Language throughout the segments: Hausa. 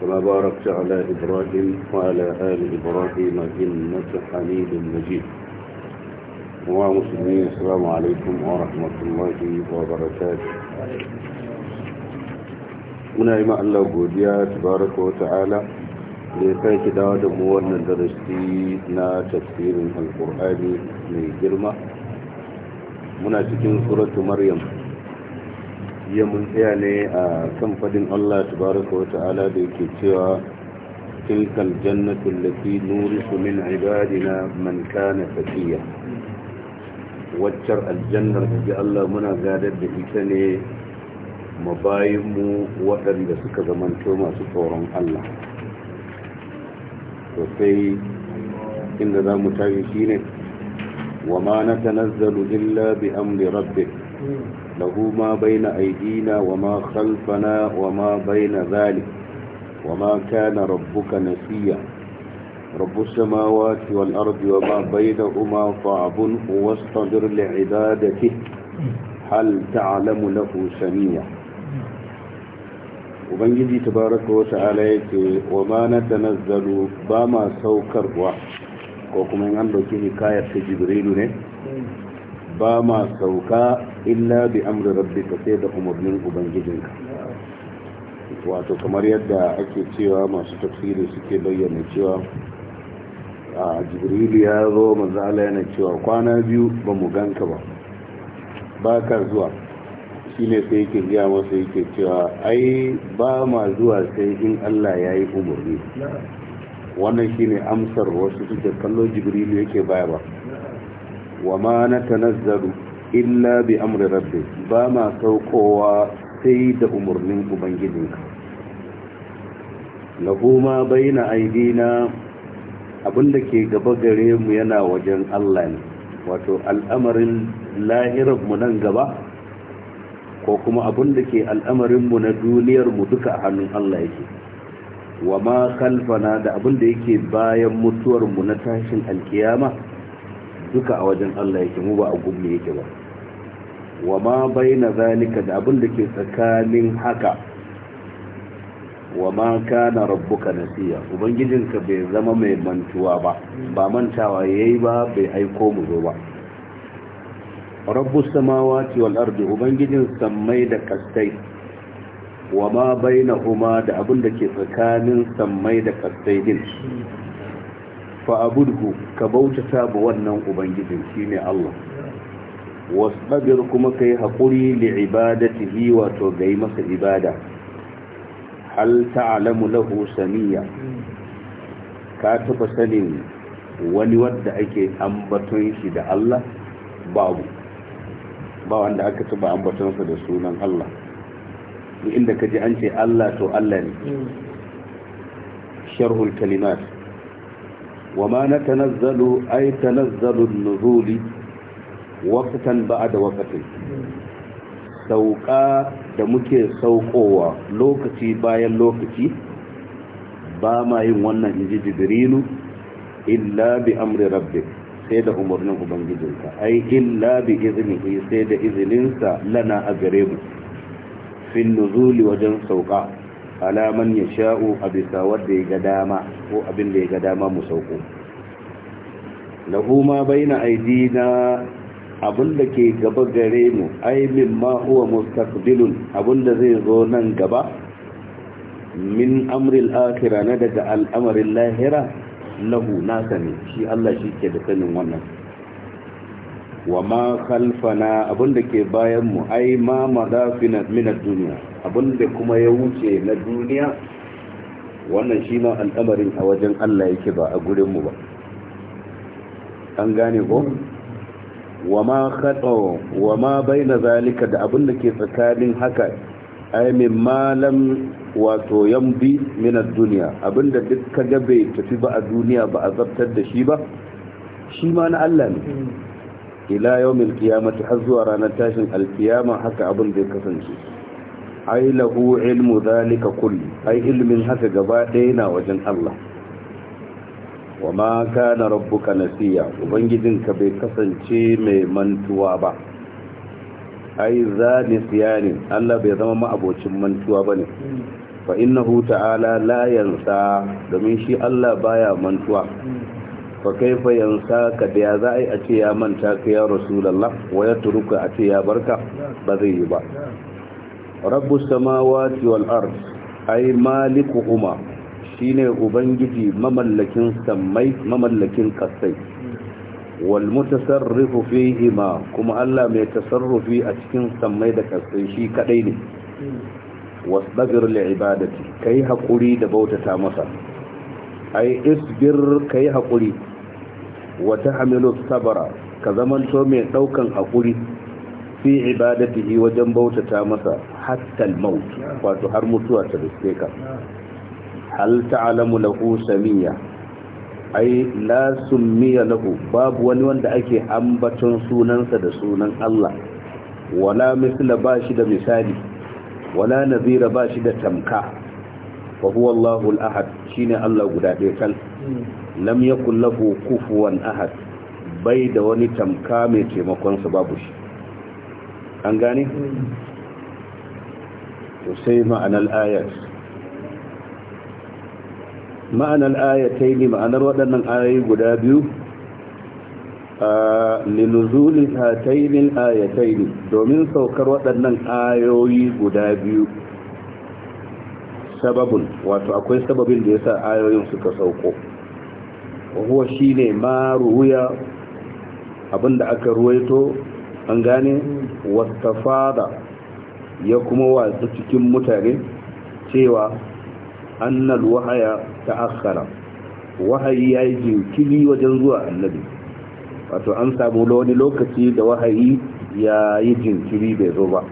كما باركت على إبراهيم وعلى آل إبراهيم إنك حميد مجيد ومسلمين السلام عليكم ورحمة الله وبركاته muna yi Allah godiya tabaraka wa ta'ala da ya sake dawo da mu wannan darasi na tafsirin Alƙur'ani mai girma muna cikin suratu maryam jiya mun tsaya ne a kan fadin Allah tabaraka wa ta'ala da yake cewa tilkal jannatu allati nurisu min ibadina man kana taqiya waccar aljannar da Allah muna gadar da ita ne mabayinmu waɗanda suka zamanto masu tsoron Allah sosai inda za mu tafi shine wa ma natanazzalu illa bi amri rabbi. له ما بين أيدينا وما خلفنا وما بين ذلك وما كان ربك نسيا رب السماوات والأرض وما بينهما فاعبده واصطدر لعبادته هل تعلم له سميا ubangiji tabaraka wa ta'ala yake wa ma na tanazzalu ba ma saukarwa ko kuma in an dauki hikayar ta jibrilu ne ba ma sauka illa bi amri rabbika sai da umarnin ubangijinka wato kamar yadda ake cewa masu tafsiri suke bayyana cewa a jibrilu ya zo manzo Allah yana cewa kwana biyu ba mu ganka ba ba ka zuwa shine sai yake gaya masa yake cewa ai ba ma zuwa sai in Allah ya yi umarni wannan shine amsar wasu suke kallo jibrilu yake baya ba wa ma natanazzalu illa bi amri rabbi ba ma saukowa sai da umarnin ubangijinka lahu ma baina aidina abinda ke gaba gare mu yana wajen Allah ne wato al'amarin lahirar mu nan gaba ko kuma abinda ke al'amarin mu na duniyar mu duka a hannun Allah yake wa ma kalfana da abinda yake bayan mutuwar mu na tashin alkiyama duka a wajen Allah yake mu ba a gumne yake ba wa ma bayna zalika da abin da ke tsakanin haka wa ma kana rabbuka nasiya ubangijinka bai zama mai mantuwa ba ba mantawa yayi ba bai aiko mu zo ba rabbus samawati wal ardi ubangijin sammai da kastai wa ma bainahuma da abin da ke tsakanin sammai da kastai din fa'abudhu ka bautata ba wannan ubangijin shine Allah wasbagir kuma ka yi hakuri li ibadatihi wato gai masa ibada hal ta'alamu lahu samiya ka taɓa sanin wani wadda ake ambaton shi da Allah babu ba wanda aka taba ambaton da sunan Allah inda kaji an ce Allah to Allah ne hmm. sharhul kalimat وما نتنزل أي تنزل النزول وقتا بعد وقت sauka da muke sauƙowa lokaci bayan lokaci ba ma yin wannan inji jibrilu illa bi amri rabbik sai da umarnin ubangijinka ai illa bi iznihi sai da izininsa lana a gare mu nuzuli wajen sauka alaman ya sha'u a bisa ga ko abin da ya ga dama mu sauko huma na lahu ma baina aidina abinda ke gaba gare mu ai mimma huwa mustaqbilun abinda zai zo nan gaba min amril akhirah na daga al'amarin lahira lahu nasa ne shi Allah shi ke da sanin wannan wa ma khalfana abinda ke bayan mu ai ma madafina min ad-dunya abinda kuma ya wuce na duniya wannan shi ma al'amarin a wajen Allah yake ba a gurin mu ba an gane ko wa ma khata wa ma baina zalika da abin da ke tsakanin haka ay min malam wato yambi min ad-dunya abinda duk kaga bai tafi ba a duniya ba a zabtar da shi ba shi ma na Allah ne ila yawmil qiyamati har zuwa ranar tashin alkiyama haka abin zai kasance ai lahu ilmu zalika kulli ai ilmin haka gaba ɗaya na wajen Allah wa ma kana rabbuka nasiya ubangijinka bai kasance mai mantuwa ba ai za nisyanin Allah bai zama ma'abocin mantuwa bane fa innahu ta'ala la yansa domin shi Allah baya mantuwa fa kaifa yansa ka da ya za a yi a ce ya manta ka ya rasulullah wa ya turuka a ce ya barka ba zai yi ba rabbus samawati wal ard ai malikuhuma shine ubangiji mamallakin sammai mamallakin kasai wal mutasarrifu fihima kuma Allah mai tasarrufi a cikin samai da kasai shi kadai ne wasbagir li'ibadati kai hakuri da bautata masa ai isbir kai hakuri wa tahmilu sabra ka zamanto mai daukan hakuri fi ibadatihi wajen bautata masa hatta al-maut wato har mutuwa ta riske ka hal ta'lamu lahu samiya ai la summiya lahu babu wani wanda ake ambaton sunansa da sunan Allah wala misla ba shi da misali wala nazira ba shi da tamka wa huwa Allahu ahad shine Allah guda ɗaya kan lam yakul lahu kufuwan ahad bai da wani tamka mai taimakon sa babu shi an gane to sai ma'anar ayat ma'anar ayatai ne ma'anar waɗannan ayoyi guda biyu a linuzuli hatainin ayatai ne domin saukar waɗannan ayoyi guda biyu sababin wato akwai sababin da ya sa ayoyin suka sauko huwa shi ne ma ruhuya abinda aka ruwaito an gane wastafada ya kuma wasu cikin mutane cewa annal wahaya ta ta'akhkhara wahayi yayi jinkiri wajen zuwa annabi wato an samu wani lokaci da wahayi ya yi jinkiri bai zo ba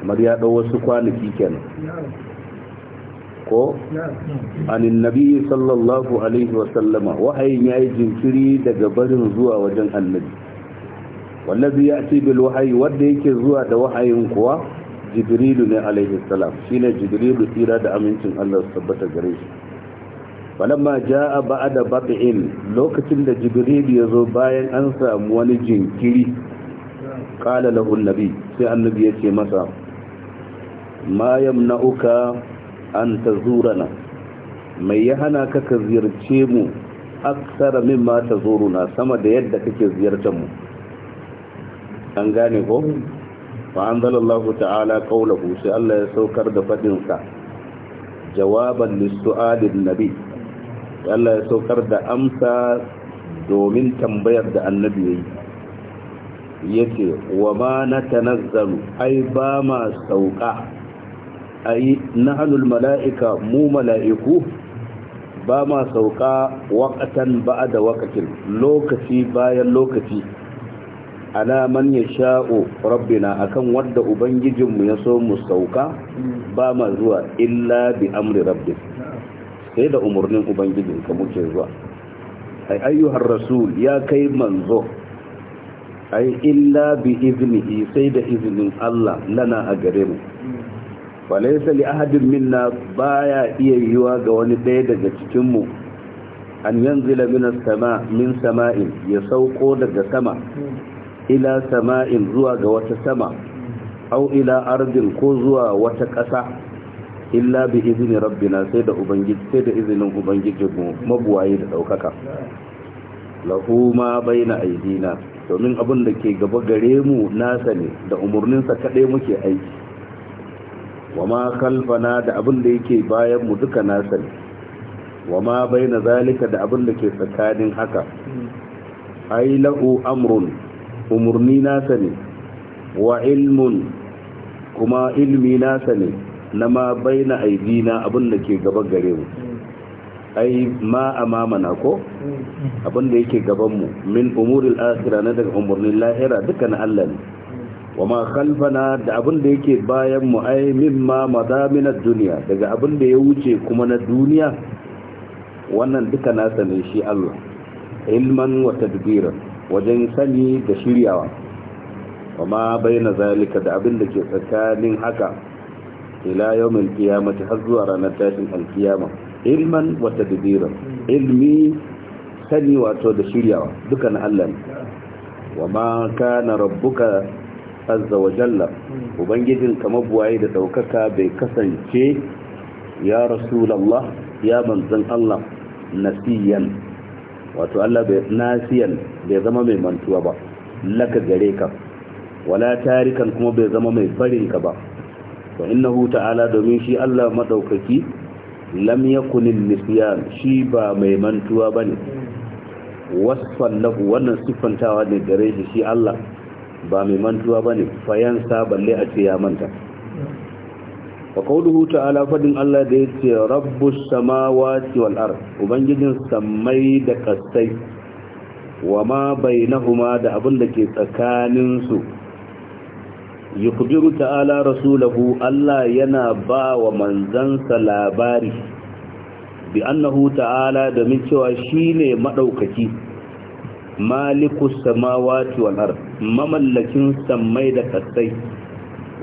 kamar ya ɗau wasu kwanaki kenan ko anin nabi sallallahu alaihi wasallama wahayin ya yi jinkiri daga barin zuwa wajen annabi wallazi ya ce bil wahayi wanda yake zuwa da wahayin kuwa jibrilu ne alaihi salam shine jibrilu tsira da amincin Allah su tabbata gare shi falamma jaa ba'da bat'in lokacin da jibrilu zo bayan an samu wani jinkiri qala lahu annabi sai annabi yace masa ma yamna'uka an tazurana mai ya hana ka ka ziyarce mu aksara mimma tazuruna sama da yadda kake ziyartar mu an gane ko fa anzalallahu ta'ala qawluhu sai Allah ya saukar da faɗinsa. sa jawaban lissu'adin nabi Allah ya saukar da amsa domin tambayar da annabi yayi yace wa ma natanazzalu ai ba ma sauka ai hannun mala'ika mu mala'iku ba ma sauka ba'a da waqtin lokaci bayan lokaci ala man yasha'u rabbina akan wanda ubangijinmu ya so mu sauka ba ma zuwa illa bi amri rabbik sai da umurnin ubangijinka muke zuwa ai ayyuhar rasul ya kai manzo ai illa bi iznihi sai da iznin Allah lana a gare mu falaisa li ahadin minna baya iya yiwa ga wani ɗaya daga cikin mu an yanzila min sama min sama'in ya sauko daga sama ila sama'in zuwa ga wata sama au ila ardin ko zuwa wata ƙasa illa bi izini rabbina sai da ubangiji sai da izinin ubangiji mu mabuwaye da daukaka lahu ma baina aidina domin abin da ke gaba gare mu nasa ne da umarninsa kaɗai muke aiki wa ma kalfana da abin da yake bayan mu duka nasa ne wa ma baina zalika da abin da ke tsakanin haka ai La'u amrun umarni nasa ne wa ilmun kuma ilmi nasa ne na ma bai na aidina abin da ke gaba gare mu ai ma amamana ko abinda da yake gaban mu min umuril asira na daga umurni lahira duka na Allah ne wa ma khalfana da abinda yake bayan mu ai min ma ad duniya daga abinda ya wuce kuma na duniya wannan duka nasa ne shi Allah ilman wa tadbiran wajen sani da shiryawa kuma bayyana zalika da abin da ke tsakanin haka ila yawmin qiyamati har zuwa ranar tashin alkiyama ilman wata tadbiran ilmi sani wato da shiryawa duka na Allah ne wa ma kana rabbuka azza wa jalla ubangijin kamar buwaye da daukaka bai kasance ya rasulullah ya manzon Allah nasiyan wato Allah bai nasiyan bai zama mai mantuwa ba laka gare ka wala tarikan kuma bai zama mai barin ka ba wa innahu ta'ala domin shi Allah madaukaki lam yakun nisyan shi ba mai mantuwa bane wasfan lahu wannan siffantawa ne gare shi Allah ba mai mantuwa bane fayansa balle a ce ya manta wa qawluhu ta'ala fadin Allah da yace rabbus samawati wal ard ubangijin samai da kasai wa ma bainahuma da abin da ke tsakanin su yukhbiru ta'ala rasulahu Allah yana ba wa manzansa labari bi annahu ta'ala domin cewa shine maɗaukaki. malikus samawati wal ard mamallakin samai da kasai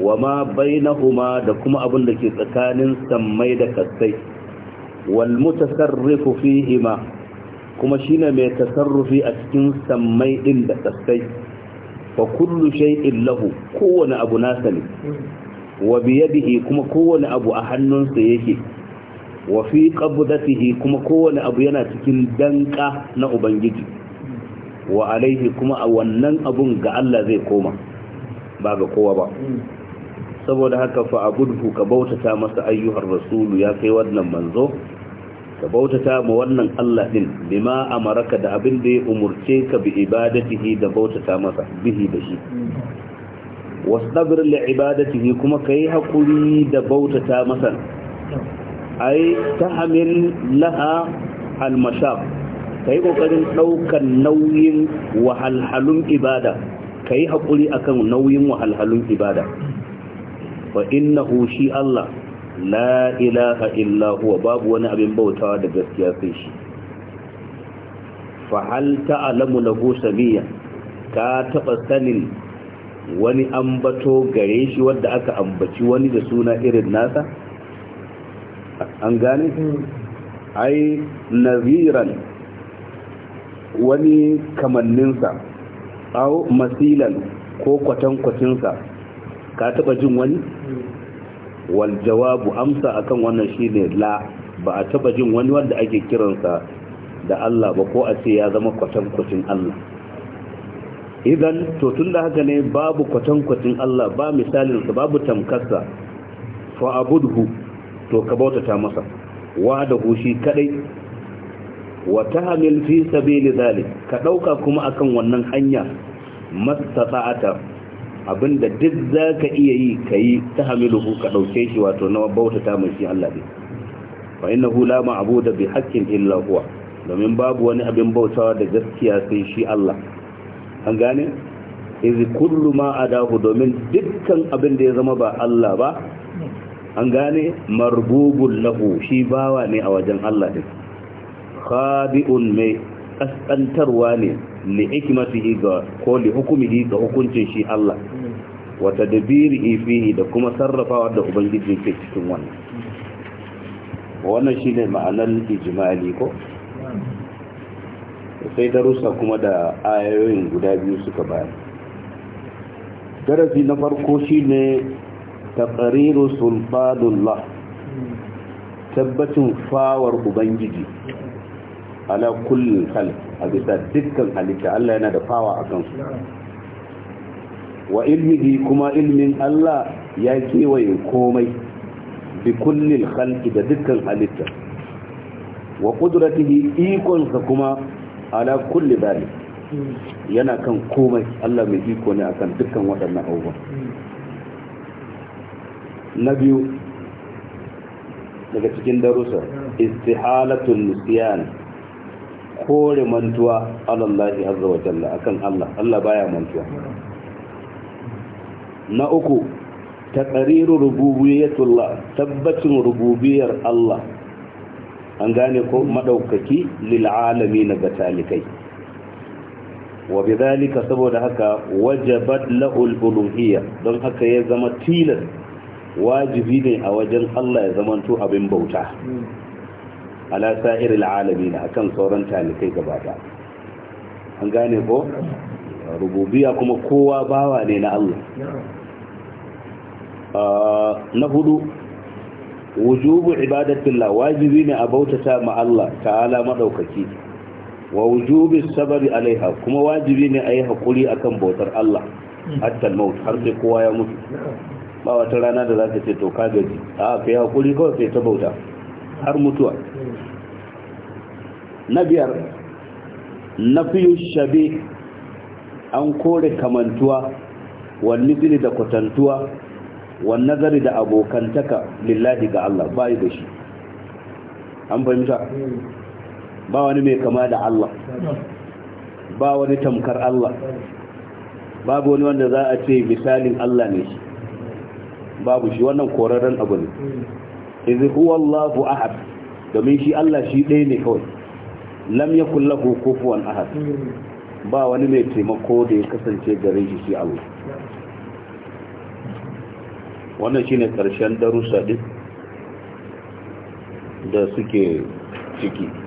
wa ma bainahuma da kuma abin da ke tsakanin sammai da kasai wal mutasarrifu fihima kuma shine mai tasarrufi a cikin sammai din da kasai fa kullu shay'in lahu kowane abu nasa ne wa biyadihi kuma kowane abu a hannunsa yake wa fi qabdatihi kuma kowane abu yana cikin danka na ubangiji wa alaihi kuma a wannan abun ga Allah zai koma ba ga kowa ba saboda haka fa ka bautata masa ayyuhar rasulu ya kai wannan manzo ka bautata ma wannan Allah din bima amaraka da abin da ya umurce ka bi ibadatihi da bautata masa bihi da shi wasdabir li ibadatihi kuma yi haƙuri da bautata masa ai tahamil laha al-mashaq ka yi ƙoƙarin ɗaukar nauyin wahalhalun ibada ka yi haƙuri akan nauyin wahalhalun ibada fa innahu shi Allah la ilaha illa huwa babu wani abin bautawa da gaskiya sai shi fa hal ta'lamu lahu samiya ka taba sanin wani ambato gare shi wanda aka ambaci wani da suna irin nasa an gane ai naziran wani kamanninsa masilan ko kwatankwacinsa ka taba jin wani wal jawabu amsa akan wannan shine la ba a taba jin wani wanda ake kiransa da Allah ba ko a ce ya zama kwatankwacin Allah idan to tun da haka ne babu kwatankwacin Allah ba misalin sa babu tamkarsa fa abudhu to ka bautata masa Wa da shi kadai wa tahmil fi sabili zalik ka dauka kuma akan wannan hanya mastata'ata abinda duk za ka iya yi ka yi ta hamiluhu ka ɗauke shi wato na bautata mai shi Allah ne fa inna hu la ma'budu bi haqqin illa huwa domin babu wani abin bautawa da gaskiya sai shi Allah an gane iz kullu ma adahu domin dukkan abin da ya zama ba Allah ba an gane marbubul lahu shi bawa ne a wajen Allah din khabi'un mai kaskantarwa ne li hikmatihi ga ko li hukumihi ga hukuncin shi Allah wa tadbirihi fihi da kuma sarrafawa da ubangiji ke cikin wannan wannan shine ma'anar ijmali ko sai darussa kuma da ayoyin guda biyu suka bayar darasi na farko shine taqriru sulfadullah tabbacin fawar ubangiji ala kullin khalq a bisa dukkan halitta Allah yana da fawa a kansu wa ilmihi kuma ilmin Allah ya kewaye komai bi kullin khalq da dukkan halitta wa qudratihi ikonsa kuma ala kulli dalik yana kan komai Allah mai iko ne akan dukkan waɗannan abubuwan na biyu daga cikin darussa istihalatul nisyan kore mantuwa alallahi azza wa jalla akan Allah Allah baya mantuwa na uku taqriru rububiyyatullah tabbatin rububiyar Allah an gane ko madaukaki lil alamin ga talikai wa bidhalika saboda haka wajabat lahul uluhiyya don haka ya zama tilar wajibi ne a wajen Allah ya zamanto abin bauta ala sa'iril al'alamin akan sauran talikai gaba da an gane ko rububiya kuma kowa bawa ne na Allah ah, na hudu wujubu ibadatillah wajibi ne a bautata ma Allah ta'ala madaukaki wa wujubi sabari alaiha kuma wajibi ne a yi hakuri akan bautar Allah hatta maut har sai kowa ya mutu ba wata rana da za ta ce to ka gaji a ah, kai hakuri kawai sai ta bauta har mutuwa na biyar na fiye shabe an kore kamantuwa wani zini da kwatantuwa wani nazari da abokantaka lillahi ga Allah bayi da shi an fahimta ba wani mai kama da Allah ba wani tamkar Allah babu wani wanda za a ce misalin Allah ne shi babu shi wannan korarren abu ne idh huwa Allahu ahad domin shi Allah shi ɗaya ne kawai lam ya kulla kufuwan ahad ba wani mai taimako da ya kasance gare shi shi Allah wannan shine karshen darussa ɗin da suke ciki